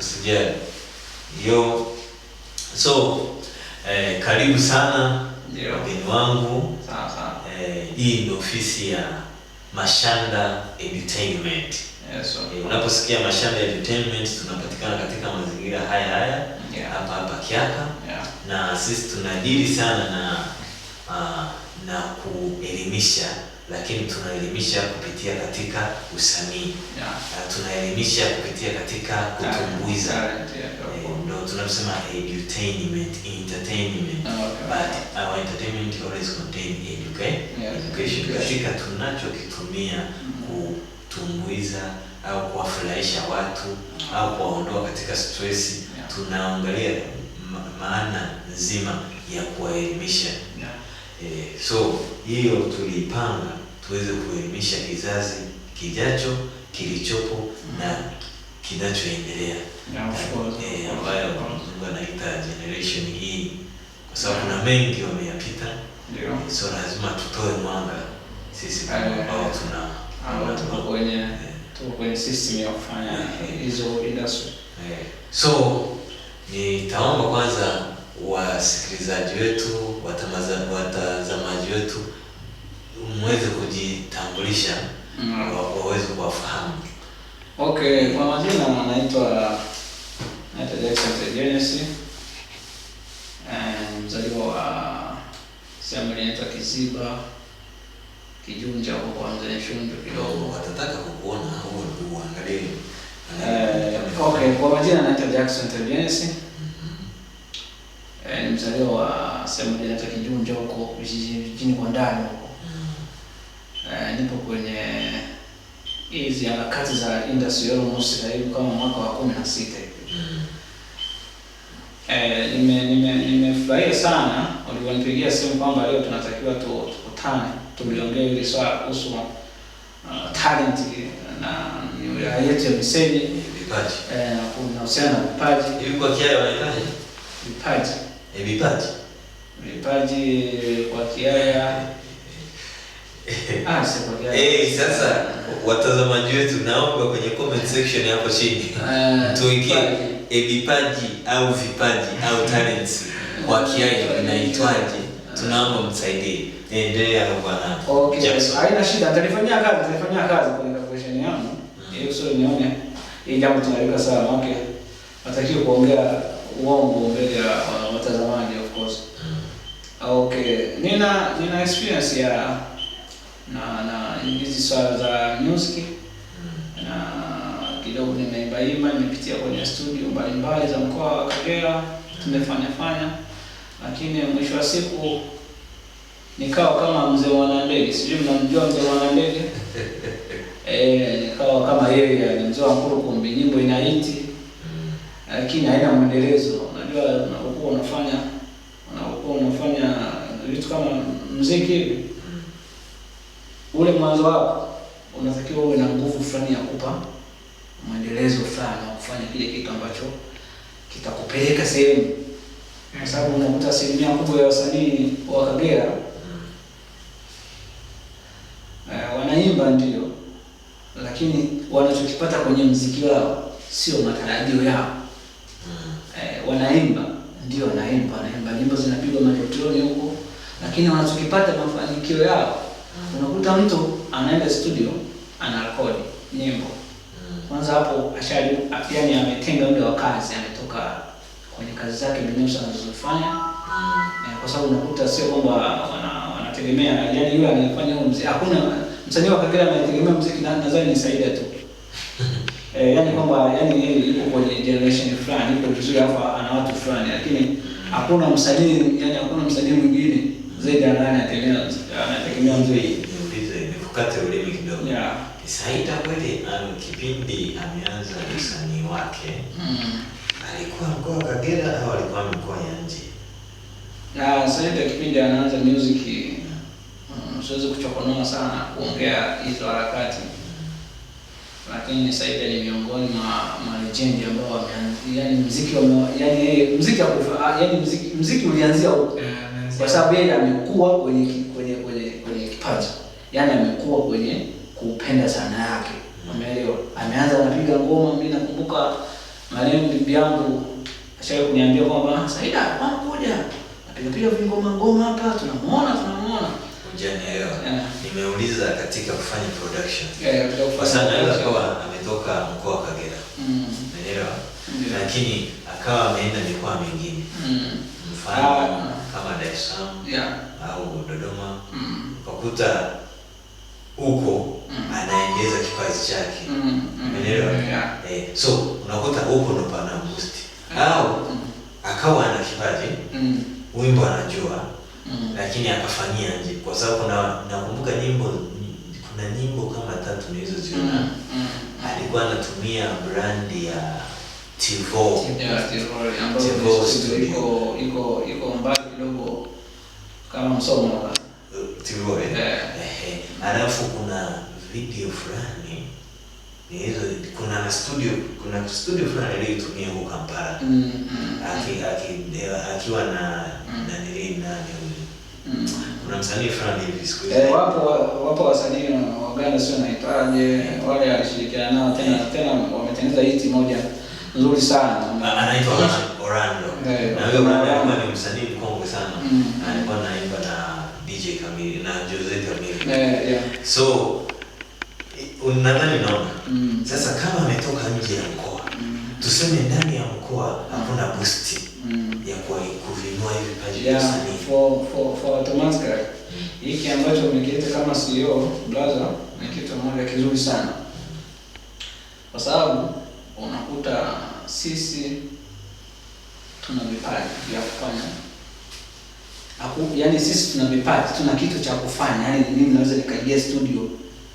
usijali. Hiyo so eh, karibu sana wageni wangu. Eh, hii ni ofisi ya Mashanda Entertainment. Yes, okay. Eh, unaposikia Mashanda Entertainment tunapatikana katika mazingira haya haya hapa yeah, hapa Kiaka yeah. Na sisi tunadili sana na kuelimisha, lakini tunaelimisha kupitia katika usanii yeah. tunaelimisha kupitia katika kutumbuiza yeah. Eh, uh, ndo tunasema edutainment entertainment But our entertainment always contain education katika tunachokitumia mm-hmm. kutumbuiza au kuwafurahisha watu mm-hmm. au kuwaondoa katika stress yeah. Tunaangalia maana nzima ya kuwaelimisha yeah. Eh, so hiyo tuliipanga tuweze kuelimisha kizazi kijacho, kilichopo na kinachoendelea eh, ambayo Mungu anaita generation hii, kwa sababu kuna mengi wameyapita, eh, so lazima tutoe mwanga sisi ambao tuna ah, eh. kwenye system ya kufanya hizo industry. So nitaomba kwanza wasikilizaji wetu, watazamaji wetu, mweze kujitambulisha mm. waweze kuwafahamu. Okay, kwa majina anaitwa naitwa Jackson Tegenesi, mzaliwa wa sehemu inaitwa Kiziba Kijunja huko kwa mzee Shundu kidogo. Watataka kukuona au uangalie. Eh, okay, kwa majina anaitwa Jackson Tegenesi ni mzaliwa sehemu moja hata Kijunja huko vijijini kwa ndani huko mm. Uh, nipo kwenye hizi harakati za industry yao mosi hivi kama mwaka wa 16 hivi mm. Eh, nime nime nimefurahia sana ulivyonipigia simu kwamba leo tunatakiwa tu tukutane tuliongea ile swala kuhusu uh, talent na wilaya yetu ya Missenyi vipaji, eh, na kuhusiana na vipaji hivi kwa kiasi wanahitaji vipaji E, vipaji vipaji kwa Kiaya Eh, sasa watazamaji wetu naomba kwenye comment section hapo chini tuweke e vipaji au vipaji au talents kwa Kiaya inaitwaje? Tunaomba msaidie. Endelea hapo bwana. Okay. Haina shida, nitafanyia kazi, nitafanyia kazi kwenye calculation yangu. Ili usio nione. Hii jambo tunaweka sawa, okay. Natakiwa kuongea uongo mbele ya watazamaji of course. Ah, okay, nina nina experience ya na na hizi swala za music na kidogo nimeimba imba, nimepitia kwenye studio mbalimbali za mkoa wa Kagera, tumefanya fanya, lakini mwisho wa siku nikawa kama mzee wa Nandege, sijui mnamjua mzee wa Nandege eh, nikawa kama yeye ni mzee wa kumbi, nyimbo inaiti lakini haina mwendelezo unajua unapokuwa unafanya unapokuwa unafanya vitu kama muziki hivi, ule mwanzo wako unatakiwa uwe na nguvu fulani ya kupa mwendelezo fulani kufanya kile kitu ambacho kitakupeleka sehemu, kwa sababu unakuta asilimia kubwa ya wasanii wa Kagera eh, wanaimba ndio, lakini wanachokipata kwenye mziki wao sio matarajio yao wanaimba, ndio wanaimba, wanaimba nyimbo zinapigwa maretoni huko, lakini wanachokipata mafanikio yao mm. unakuta mtu anaenda studio anarekodi nyimbo hmm. kwanza hapo ashari, yaani ametenga muda wa kazi, ametoka kwenye kazi zake binafsi anazofanya mm. Eh, kwa sababu unakuta sio kwamba wanategemea wana yani yule anayefanya huo mziki, hakuna msanii wa Kagera anategemea mziki, nadhani ni Saida tu eh, yani kwamba yani yeye yuko kwenye generation fulani yuko vizuri, alafu ana watu fulani, lakini hakuna msanii yani hakuna msanii mwingine zaidi ya nani anategemea anategemea mzee hii kukata ulimi kidogo. Yeah. Saida kweli ana kipindi ameanza usanii wake. Mm. Alikuwa mkoa wa Kagera au alikuwa mkoa ya nje? Na Saida kipindi anaanza music, mm, siwezi kuchokonoa sana kuongea hizo harakati lakini sasa hivi ni miongoni mwa malegendi ambao wameanzia, yani muziki wa yani yeye muziki ah, yani muziki muziki ulianzia huko, eh, kwa sababu yeye amekuwa kwenye kwenye kwenye kwenye kipaji, yani amekuwa kwenye kupenda sana yake, umeelewa? Ameanza anapiga ngoma. Mimi nakumbuka maneno bibi yangu ashawahi kuniambia kwamba ah, Saida, mbona kuja napiga pia vingoma ngoma hapa, tunamuona tunamuona hujanielewa. Yeah. Nimeuliza katika kufanya production. kwa sana anaweza kuwa ametoka mkoa wa Kagera. Mm. Unaelewa? Yeah. Lakini akawa ameenda mikoa mingine. Mm. Mfano ah, kama Dar es Salaam yeah, au Dodoma. Mm. Ukakuta huko mm, anaongeza kipaji chake. Mm. mm. Unaelewa? Mm. Yeah. Eh, so unakuta huko ndo pana boost. Au mm. akawa ana kipaji. Mm. Wimbo anajua. Mm. lakini akafanyia nje, kwa sababu na nakumbuka nyimbo, kuna nyimbo kama tatu nilizoziona mm. mm. alikuwa anatumia brandi ya Tivo Tivo Studio, iko iko mbali kidogo kama msomo Tivo eh, eh, alafu kuna video fulani hizo kuna na studio kuna studio fulani aliyoitumia huko Kampala mm, mm, aki, aki, eh, akiwa na mm. na Tanzania fulani hivi siku hizi. Eh, wapo wapo wasanii wa Uganda sio naitaje, wale alishirikiana nao tena tena wametengeneza hiti moja nzuri sana. Anaitwa Orlando. Eh, na huyo Orlando ni msanii mkongwe sana. Mm. Alikuwa anaimba na DJ Kamili na Jose Kamili. Eh, yeah. So unadhani naona. Mm. Sasa kama ametoka nje ya mkoa, mm. tuseme ndani ya mkoa hakuna boost ya kuinua hivi paji ya usanii. For for for automatic hiki ambacho umekiita kama CEO blaza ni kitu moja kizuri sana, kwa sababu unakuta sisi tuna vipaji vya kufanya Aku, yani sisi tuna vipaji, tuna kitu cha kufanya. Yani mimi naweza nikaingia studio,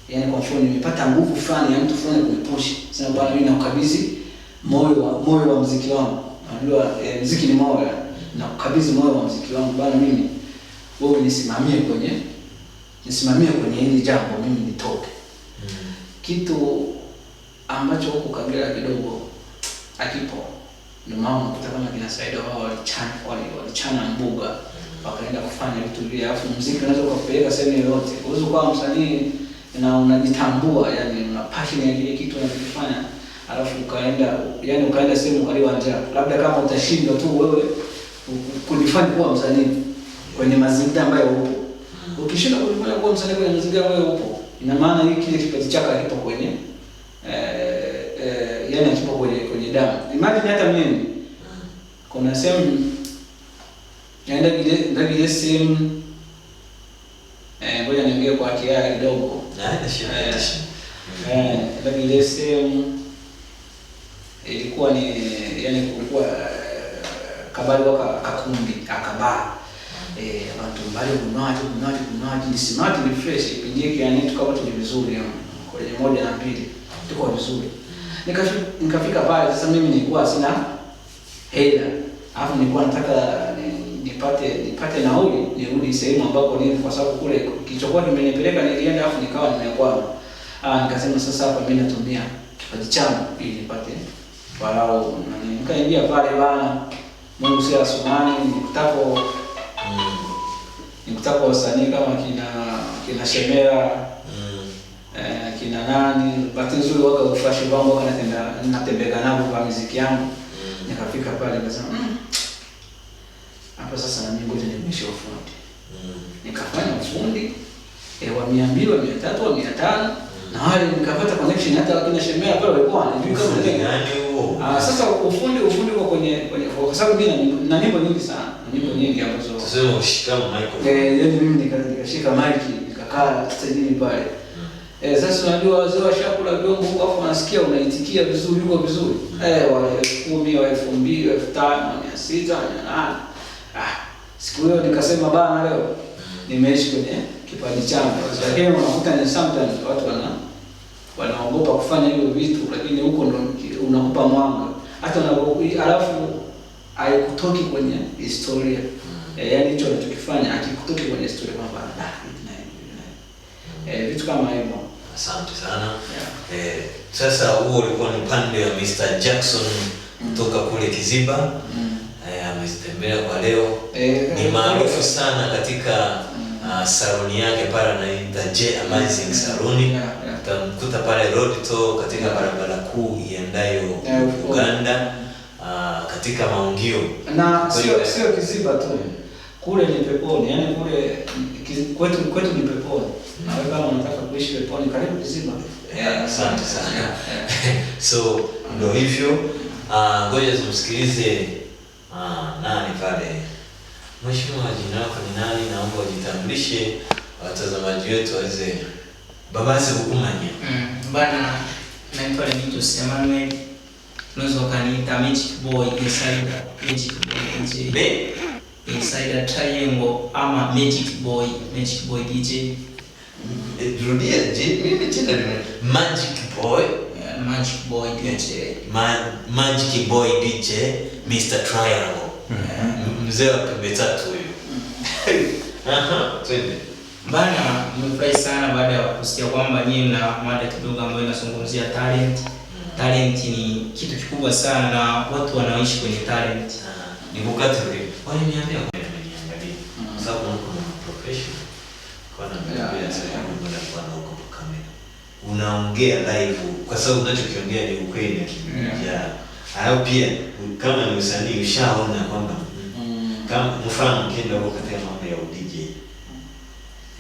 yani kwa mfano nimepata nguvu fulani ya mtu fulani kunipush, sasa bwana, mimi nakukabidhi moyo wa moyo wa muziki wangu. Unajua eh, muziki ni moyo, na kukabidhi moyo wa muziki wangu bwana, mimi wewe unisimamie kwenye nisimamie kwenye hili jambo, mimi nitoke. mm. kitu ambacho huko Kagera kidogo akipo, ndio mama unakuta kama kina kinasaidia wao walichana wali, walichana mbuga mm. wakaenda kufanya vitu vile, alafu muziki unaweza ukapeleka sehemu yoyote, Uwezo kwa msanii na unajitambua, yani una passion ya kile kitu unachofanya, alafu ukaenda yani ukaenda sehemu kaliwa njaa, labda kama utashindwa tu wewe kujifanya kuwa msanii kwenye mazingira ambayo upo. Mm. Ukishinda kulimana kwa msalaba kwenye mazingira ambayo upo, ina maana hii kile kipaji chako hakipo kwenye eh, eh, yani hakipo kwenye kwenye damu. Imagine hata mimi mm. kuna sehemu naenda vile ndio vile sehemu eh, ngoja niongee kwa haki kidogo. Eh, eh ndio vile sehemu ilikuwa ni yani kulikuwa eh, kabali waka kakundi akabaa eh, abantu mbali mnaji mnaji mnaji ni smart refresh kipindi yani tukawa tu vizuri hapo kwenye moja na mbili tuko vizuri nikafika nikafika pale sasa mimi nilikuwa sina hela alafu nilikuwa nataka nipate nipate nauli nirudi sehemu ambako niko kwa sababu kule kilichokuwa kimenipeleka nilienda afu nikawa nimekwama. Ah, nikasema sasa hapa mimi natumia kipaji changu ili nipate walau nani. Nikaingia pale bana, Mungu si asumani, nikutapo Itakuwa wasanii kama kina kina Shemera mm. eh, kina nani bahati nzuri waka ufashi wangu waka natenda natembea nao kwa muziki yangu mm. nikafika pale nikasema mm. hapa sasa na mimi ngoja nimeshia ufundi mm. nikafanya ufundi eh, wa 200 wa 300 wa 500 mm. na wale nikapata connection hata wakina Shemera pale walikuwa wanajua kama nani huo. Ah, sasa ufundi ufundi uko kwenye kwenye kwa sababu mimi na nyimbo nyingi sana nyimbo nyingi ambazo sasa shika mic. Eh, yani mimi nikashika mic nikakaa stage pale. Hmm. Eh, sasa unajua wazee wa shakula dongo huko afu unasikia unaitikia vizuri huko vizuri. Hmm. Eh, wale 10,000, 2,000, 5,000, 600, 800. Ah, siku hiyo nikasema bana leo hmm. nimeishi kwenye kipaji changu. Lakini unakuta ni sometimes watu wana wanaogopa kufanya hiyo vitu, lakini huko ndo unakupa mwanga. Hata na alafu haikutoki kwenye historia mm. E, yani hicho anachokifanya akikutoki kwenye historia kwamba e, vitu kama hivyo. Asante sana yeah. E, sasa huo ulikuwa ni upande wa Mr. Jackson mm. kutoka mm. kule Kiziba mm. E, ametembea kwa leo e, ni maarufu sana katika mm. Uh, ah, saluni yake pale anaita J Amazing mm. Saluni yeah, yeah. Utamkuta pale Road to katika barabara kuu iendayo yeah, Uganda yeah. Mm katika maungio. Na sio sio kiziba tu kule ni peponi, yani kule kwetu kwetu ni peponi. Na wewe kama unataka kuishi peponi, karibu kiziba. Yeah, asante sana. so ndio hivyo. Ah, ngoja tumsikilize ah, nani pale. Mheshimiwa, jina lako ni nani? Naomba ujitambulishe watazamaji wetu waweze. Babasi hukumanya Mm, bana naitwa Lemijos Emmanuel unaweza ukaniita magic boy insider magic boy DJ be insider triangle ama magic boy magic boy DJ eh, rudia je mimi tena magic boy magic boy DJ Ma, magic boy DJ Mr Triangle mzee wa pembe tatu huyu aha twende bana nimefurahi sana baada ya kusikia kwamba nyinyi mna mada kidogo ambayo inazungumzia talent talent ni kitu kikubwa sana, na watu wanaoishi kwenye talent ah. ni kukata ulimi. Waliniambia kwa nini niangalie, mm. kwa sababu uko na profession, kwa na mbele sasa mambo ya kwa na uko kwa kamera, unaongea live, kwa sababu unachokiongea ni ukweli ya halafu pia kama ni usanii ushaona kwamba mm. kama mfano ukienda huko katika mambo ya DJ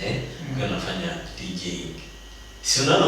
eh, mm. unafanya DJ si unaona